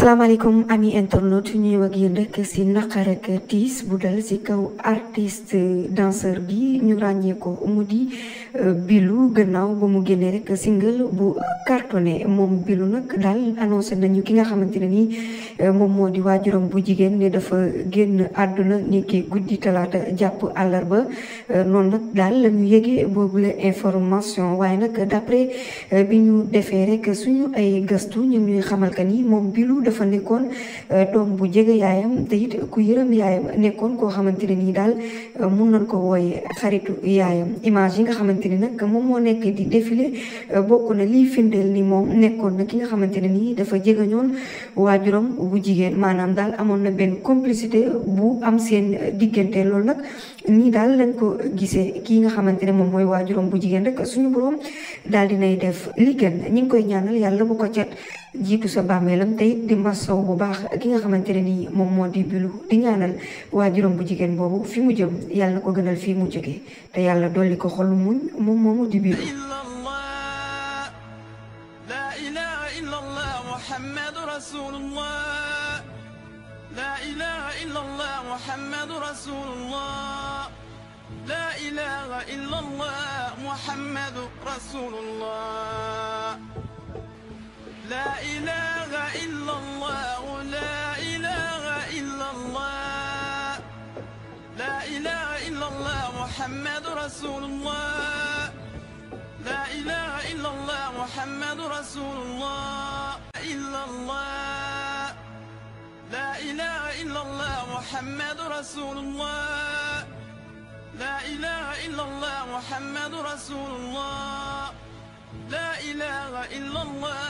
Assalamualaikum, ami internaute ñu ñëw ak yéen rek si naqar ak tiis bu dal si kaw bi ñu ko mu di eh, Bilou gannaaw ba mu génnee rek single bu cartonné moom Bilou nag dal annoncé nañu ki nga xamante ne nii eh, di waajuram bu jigéen ne dafa génn aduna ni ki gudi talaata japu alarba eh, noonu nag daal la ñu yëgee boobu la information waaye nag d'après bi binyu defere rek suñu ay gëstu ñu ngi xamal ka dafa nekkoon euh, doom bu jege yaayam te ku yërëm yaayam nekkoon koo xamante ne nii daal euh, mun na ko wooye xaritu yaayam image yi nga xamante ni nag moom moo nekk di défilé euh, bokk na liy firndeel ni moom nekkoon na ki nga xamante ne nii dafa jegeñoon waajuram bu jigéen maanaam daal amoon na benn complicité bu am seen diggante loolu nag nii daal lañ ko gisee kii nga xamante ne moom mooy waajuram bu jigéen rek suñu boroom daal dinay def li gën ñi koy ñaanal yàlla bu ko cet jiitu sa bàmmeelam te it di masaw bu baax ki nga xamante ne nii moom moo di bilu di ñaanal waajuram bu jigéen boobu fi mu jëm yàlla na ko gënal fii mu jógee te yàlla dolli ko xol muñ moom moomu di bilu لا إله إلا الله محمد رسول الله لا إله إلا الله لا إله إلا الله لا إله إلا الله محمد رسول الله لا إله إلا الله محمد رسول الله إلا الله لا إله إلا الله محمد رسول الله لا إله إلا الله محمد رسول الله لا إله إلا الله